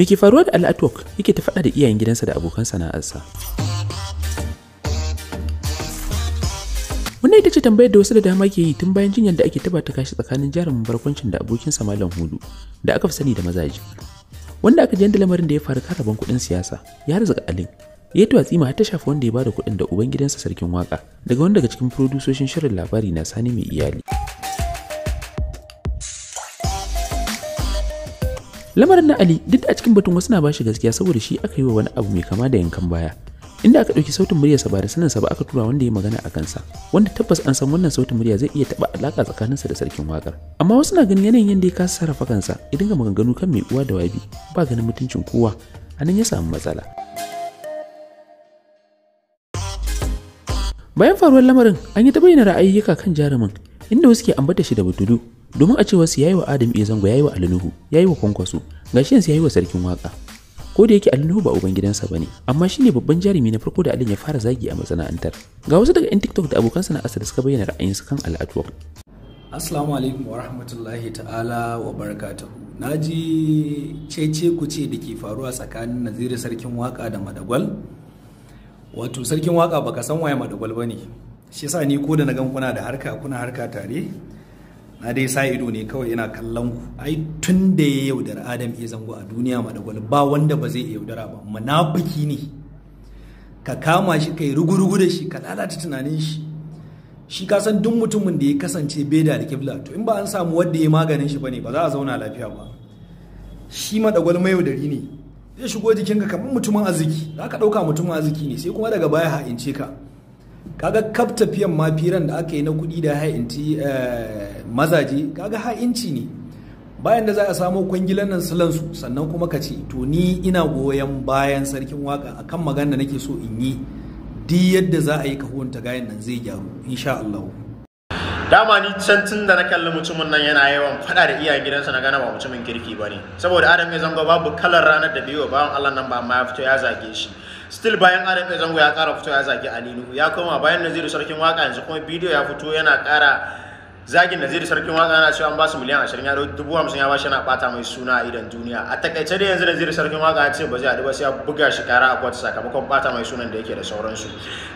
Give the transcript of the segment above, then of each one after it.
me ke faruwa da al'atwok yake ta faɗa da iyayen gidansa da abokan sana'arsa wannan ita ce tambayar da wasu da dama ke yi tun bayan jinyar da ake taba ta kashi tsakanin jarumin barkwancin da abokinsa malam hudu da aka fi sani da mazaje wanda aka da lamarin da ya faru karaban kuɗin siyasa ya rizuka alin ya yi tsima har ta shafi wanda ya bada kuɗin da uban gidansa sarkin waka daga wani daga cikin furodusoshin shirin labari na sani mai iyali lamarin na ali duk a cikin batun wasu na bashi gaskiya saboda shi aka yi wa wani abu mai kama da yankan baya inda aka ɗauki sautin muryarsa ba da saninsa ba aka tura wanda ya magana a kansa wanda tabbas an san wannan sautin murya zai iya taɓa alaƙa tsakaninsa da sarkin waƙar amma wasu na ganin yanayin yadda ya kasa sarrafa kansa ya dinga maganganu kan mai uwa da wabi ba ganin mutuncin kowa a nan ya samu matsala bayan faruwar lamarin an yi ta bayyana ra'ayyuka kan jarumin inda wasu ke ambata shi da butudu domin a cewar su yayi wa Adam iya e. zango yayi wa Alinuhu yayi wa Kwankwaso gashi yanzu yayi wa sarkin waka ko da yake Alinuhu ba uban ba ne amma shine babban jarumi na farko da Alin ya fara zagi a masana'antar ga wasu daga 'yan TikTok da abokan sana'arsa da suka bayyana ra'ayinsu kan al'adu. Assalamu alaikum wa rahmatullahi ta'ala wa barakatuhu na ji cece ce da ke faruwa tsakanin Naziru sarkin waka da Madagwal wato sarkin waka baka san waye Madagwal ba ne? shi yasa ni ko da na gan kuna da harka kuna harka tare na dai sa ido ne kawai ina kallon ku ai tun da ya yaudar adam ya zango a duniya madagwal ba wanda ba zai yaudara ba munafiki ne ka kama shi kai rugurugu da shi ka lalata tunanin shi shi ka san duk mutumin da ya kasance beda da kibla to in ba an samu wanda ya maganin shi bane ba za a zauna lafiya ba shi madagwal mai yaudari ne zai shigo jikinka kamar mutumin arziki za ka ɗauka mutumin arziki ne sai kuma daga baya ha'ince ka kaga kaf tafiyan ma firan da aka yi na kudi da ha'inci eh, mazaje kaga ha'inci ne bayan da za a samo kwangilan nan silansu sannan kuma ka ce to ni ina goyon bayan sarkin waka akan magana nake so in yi duk yadda za a yi kahon ta gayan nan zai gyaru insha Allah dama ni can tun da na kalli mutumin nan yana yawan fada da iyayen gidansa na gana ba mutumin kirki ba ne saboda adam ya zango babu kalar ranar da biyu bawan Allah nan ba ma ya fito ya zage shi still bayan arabe zango ya kara fito ya zagi alinu ya koma bayan naziru sarkin waka yanzu kuma bidiyo ya fito yana kara zagin naziru sarkin watsa na cewa an ba su miliyan 20 ya dubu hamsin ya shi na bata mai suna a idan duniya a takaice da yanzu naziru sarkin watsa ya ce ba zai haɗu ba sai ya buga shi kara a kwata sakamakon bata mai sunan da yake da sauransu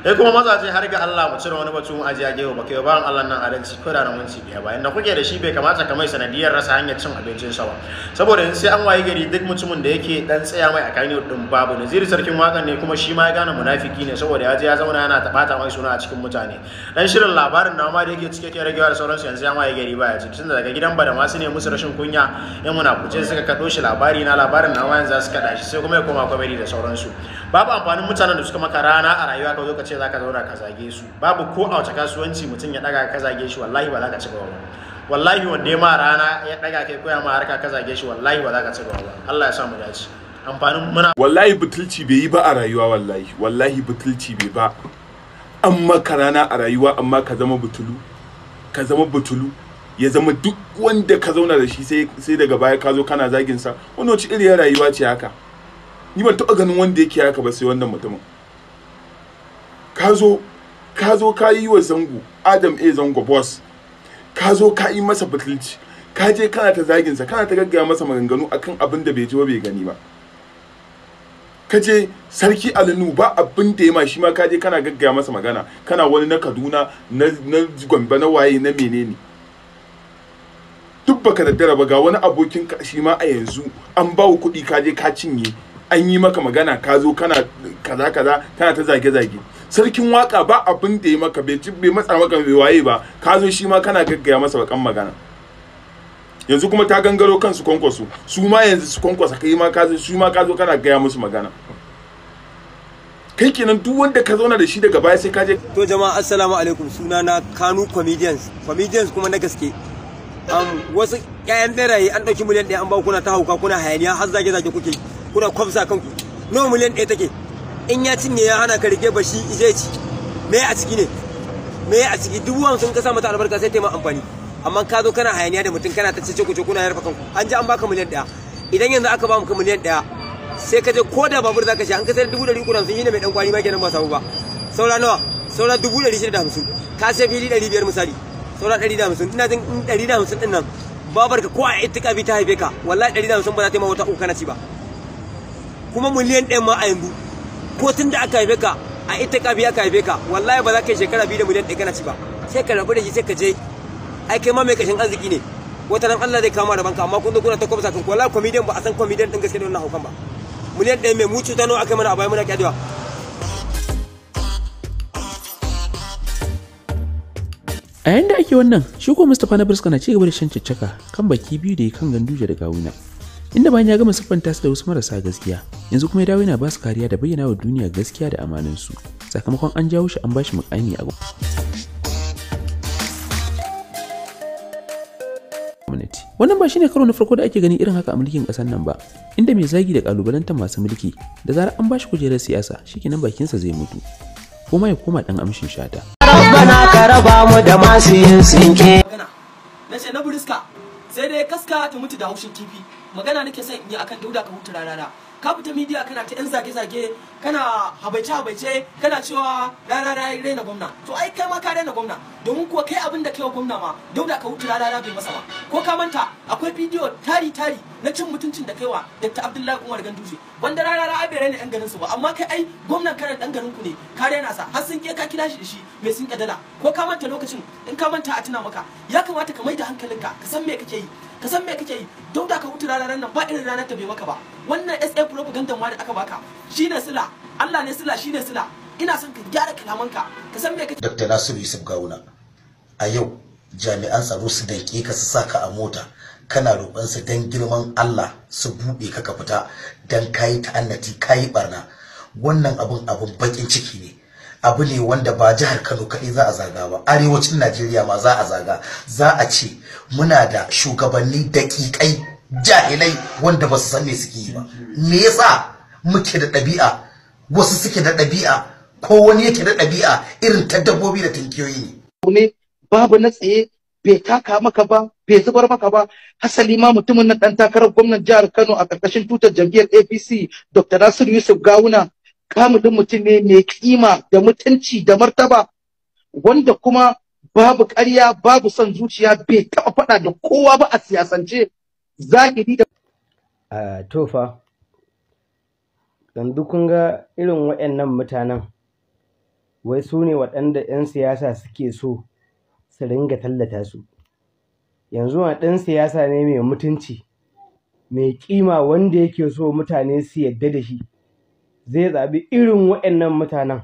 sai kuma mazaje har ga Allah mu cire wani batu mu ajiya gewa kai ba Allah nan adalci ko da na munci biya ba inda kuke da shi bai kamata ka mai sanadiyar rasa hanyar cin abincin sa ba saboda yanzu sai an waye gari duk mutumin da yake dan tsaya mai a kanin din babu naziri sarkin watsa ne kuma shi ma ya gane munafiki ne saboda ya je ya zauna yana tabata mai suna a cikin mutane dan shirin labarin na ma da yake cike ke ragewa da sauransu sauransu yanzu ya ya gari baya ce tun daga gidan bada masu ne musu rashin kunya yan muna kuce suka kaɗo shi labari na labarin na wayan za su kaɗa shi sai kuma ya koma kwamari da sauransu babu amfanin mutanen da suka maka rana a rayuwa ka zo ka ce za ka zauna ka zage su babu ko a wace kasuwanci mutum ya ɗaga ka zage shi wallahi ba za ka ci gaba ba wallahi wanda ya ma rana ya daga kai koya ma harka ka zage shi wallahi ba za ka gaba ba Allah ya sa mu dace amfanin muna wallahi butulci bai yi ba a rayuwa wallahi wallahi butulci bai ba amma ka rana a rayuwa amma ka zama butulu ka zama batulu ya zama duk wanda ka zauna da shi sai daga baya ka zo kana zagin sa wani wace iri rayuwa ce haka ni ban taɓa ganin wanda yake haka ba sai wannan mutumin ka zo ka zo ka yi wa zango adam a zango boss ka zo ka yi masa batulci ka je kana ta zagin sa kana ta gaggaya masa maganganu akan abin da bai ji ba bai gani ba kaje sarki alinu ba abin da ya ma shi ma ka kana gaggaya masa magana kana wani na kaduna na gombe na waye na menene duk baka daddara ba ga wani abokin shi ma a yanzu an ba kuɗi ka je ka cinye an yi maka magana ka zo kana kaza kaza kana ta zage zage sarkin waka ba abin da ya maka bai matsa maka bai waye ba ka zo shi ma kana gaggaya masa bakan magana yanzu kuma ta gangaro kansu kwankwaso su ma yanzu su kwankwasa kai ma kazo su ma kazo kana gaya musu magana kai kenan duk wanda ka zauna da shi daga baya sai ka je to jama'a assalamu alaikum suna na kanu comedians comedians kuma na gaske um, wasu ƴaƴan beraye an ɗauki miliyan ɗaya an ba kuna ta hauka kuna hayaniya har zage zage kuke kuna kwafsa kanku nawa miliyan ɗaya take in ya cinye ya hana ka rike bashi zai ci me a ciki ne me a ciki dubu sun ka sa mata albarka sai ta yi amfani amma ka zo kana hayaniya da mutum kana ta cece ce kuna yarfa kanku an ji an baka miliyan ɗaya idan yanzu aka ba mu ka miliyan ɗaya sai ka je ko da babur zaka sha an sai dubu ɗari uku da hamsin shine mai ɗan kwani ma kenan ba samu ba saura nawa saura dubu ɗari shida da hamsin ka sai fili ɗari biyar misali saura ɗari da hamsin ina jin ɗari da hamsin ɗin nan babar ka ko a ittika bi ta haife ka wallahi ɗari da hamsin ba za ta yi ma wata uku kana ci ba kuma miliyan ɗaya ma a yanzu ko tun da aka haife ka a ittika bi aka haife ka wallahi ba za ka yi shekara biyu da miliyan ɗaya kana ci ba sai ka rabu da shi sai ka je ai kai ma mai kashin arziki ne wata nan Allah zai kama da banka amma kun zo kuna ta kwamsa kan kwala comedian ba a san comedian din gaske da wannan haukan ba miliyan ɗaya mai mucu ta nawa mana a bayan muna kyadewa a yanda ake wannan shi ko mustapha na birska na ci gaba da shan caccaka kan baki biyu da ya kan ganduja da gawuna inda bayan ya gama siffanta su da wasu marasa gaskiya yanzu kuma ya dawo yana ba su kariya da bayyana wa duniya gaskiya da su sakamakon an jawo shi an ba shi mukami a wannan ba shine karo na farko da ake ganin irin haka a mulkin kasar nan ba inda mai zagi da kalubalanta masu mulki da zarar an bashi kujerar siyasa shikenan bakinsa zai mutu kuma ya koma dan amshin shata rabbana ka raba mu da masu yin sinke ce na buriska sai dai kaska ta mutu da haushin kifi magana nake son in yi akan dauda ka hutu rarara kafita media midiya kana ta yan zage-zage kana habaice-habaice kana cewa rarara ya raina gwamna to ai kai ma ka raina gwamna domin kuwa kai abin da kai wa gwamna ma da ka wuce rarara bai masa ba ko ka manta akwai bidiyo tari-tari na cin mutuncin da kai wa Dr. Abdullahi Umar Ganduje wanda rarara ai bai raina yan garin su ba amma kai ai gwamnan kana dan garin ku ne ka raina sa har sun ke ka kira shi da shi mai sun kadala ko ka manta lokacin in ka manta a tuna maka ya kamata ka mai da hankalinka ka san me kake yi ka san me kake yi don da ka wuta ranar nan ba irin ranar ta bai maka ba wannan SA propaganda ma da aka baka shine sila Allah ne sila shine sila ina son ka gyara kalamanka ka san me kake Dr. Nasiru Yusuf Gawuna a yau jami'an tsaro su danke ka su saka a mota kana roƙon su dan girman Allah su buɗe ka ka fita dan kayi ta'annati kayi barna wannan abun abun bakin ciki ne abu ne wanda ba jihar Kano kaɗai za a zaga ba arewacin Najeriya ma za a zaga za a ce muna da shugabanni daƙiƙai jahilai wanda ba su san me suke yi ba me yasa muke da ɗabi'a wasu suke da ɗabi'a ko wani yake da ɗabi'a irin ta dabbobi da tunkiyoyi ne babu na tsaye bai taka maka ba bai zubar maka ba hasali ma mutumin nan dan takarar gwamnan jihar Kano a karkashin tutar jam'iyyar APC Dr. Nasiru Yusuf Gawuna kamu din mutum ne mai kima da mutunci da martaba wanda kuma babu ƙarya babu son zuciya bai taɓa faɗa da kowa ba a siyasance zahiri da a tofa yanzu kun ga irin waɗannan mutanen wai su ne waɗanda 'yan siyasa suke so su ringa tallata su yanzu a ɗan siyasa ne mai mutunci mai kima wanda yake so mutane su yadda da shi zai zaɓi irin waɗannan mutanen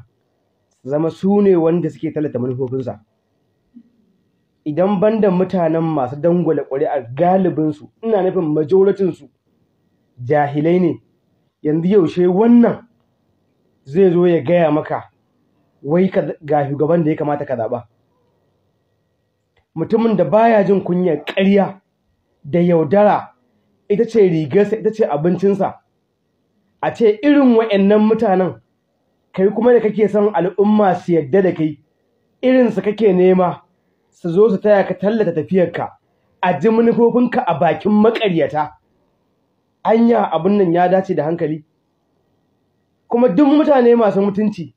zama su ne wanda suke talata manufofinsa idan banda mutanen masu dangwale ƙuri'ar galibinsu ina nufin majoratinsu jahilai ne yanzu yaushe wannan zai zo ya gaya maka wai ga shugaban da ya kamata ka zaɓa mutumin da baya jin kunyar ƙarya da yaudara ita ce rigarsa ita ce abincinsa a ce irin wayannan mutanen kai kuma da kake son al'umma su yadda da kai irinsa kake nema su zo su taya ka tallata tafiyarka a ji manufofinka a bakin maƙaryata anya abin nan ya dace da hankali kuma duk mutane masu mutunci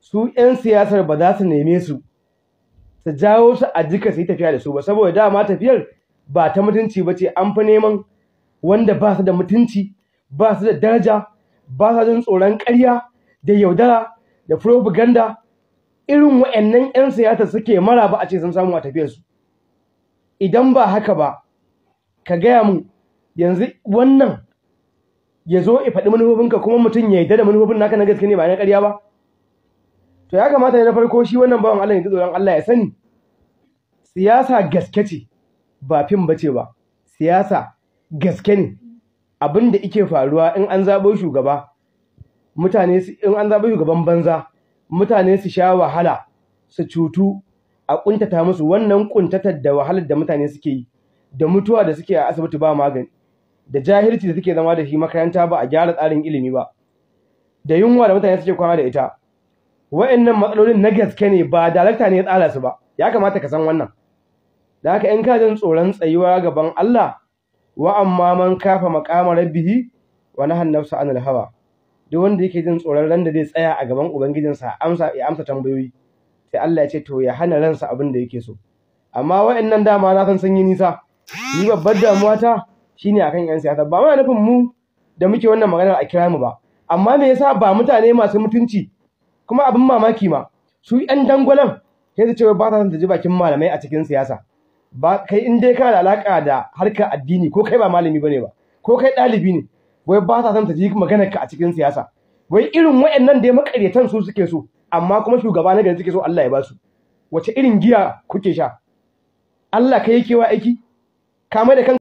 su 'yan siyasar ba za su neme su su jawo su a jika su yi tafiya da su ba saboda dama tafiyar ba ta mutunci ba ce an fi neman wanda ba su da mutunci ba su da daraja ba su jin tsoron ƙarya da yaudara da propaganda irin wa'annan 'yan siyasa suke mara ba a ce sun samu a su idan ba haka ba ka gaya mu, yanzu wannan ya zo ya faɗi manufofinka kuma mutum ya yarda da manufofin naka na gaske ne ba na ƙarya ba to ya kamata ne na farko shi wannan bawan Allah ya tsoron Allah ya sani siyasa gaske ce ba fim bace ba siyasa gaske ne abin da ike faruwa in an zaɓo shugaba mutane in an zaɓo shugaban banza mutane su sha wahala su cutu a ƙuntata musu wannan ƙuntatar da wahalar da mutane suke yi da mutuwa da suke a asibiti ba magani da jahilci da suke zama da shi makaranta ba a gyara tsarin ilimi ba da yunwa da mutane suke kwana da ita wa'annan matsalolin na gaske ne ba darakta ne ya tsara su ba ya kamata ka san wannan da haka in ka jin tsoron tsayuwa gaban Allah wa amma man kafa maqama rabbihi wa nahan nafsa anil hawa duk wanda yake jin tsoron ran da zai tsaya a gaban ubangijinsa amsa ya amsa tambayoyi sai Allah ya ce to ya hana ransa abin da yake so amma waɗannan dama na san sun yi nisa ni babbar damuwa ta shine akan yan siyasa ba ma nufin mu da muke wannan maganar a kira mu ba amma me yasa ba mutane masu mutunci kuma abin mamaki ma su yan dangwalan sai su ce ba sa ta ji bakin malamai a cikin siyasa ba kai in dai kana da alaka da harkar addini ko kai ba malami bane ba ko kai ɗalibi ne wai ba sa son ta ji maganar ka a cikin siyasa wai irin waɗannan dai makaryatan su suke so amma kuma shugaba na gari suke so Allah ya ba su wace irin giya kuke sha Allah kai yake wa aiki ka mai da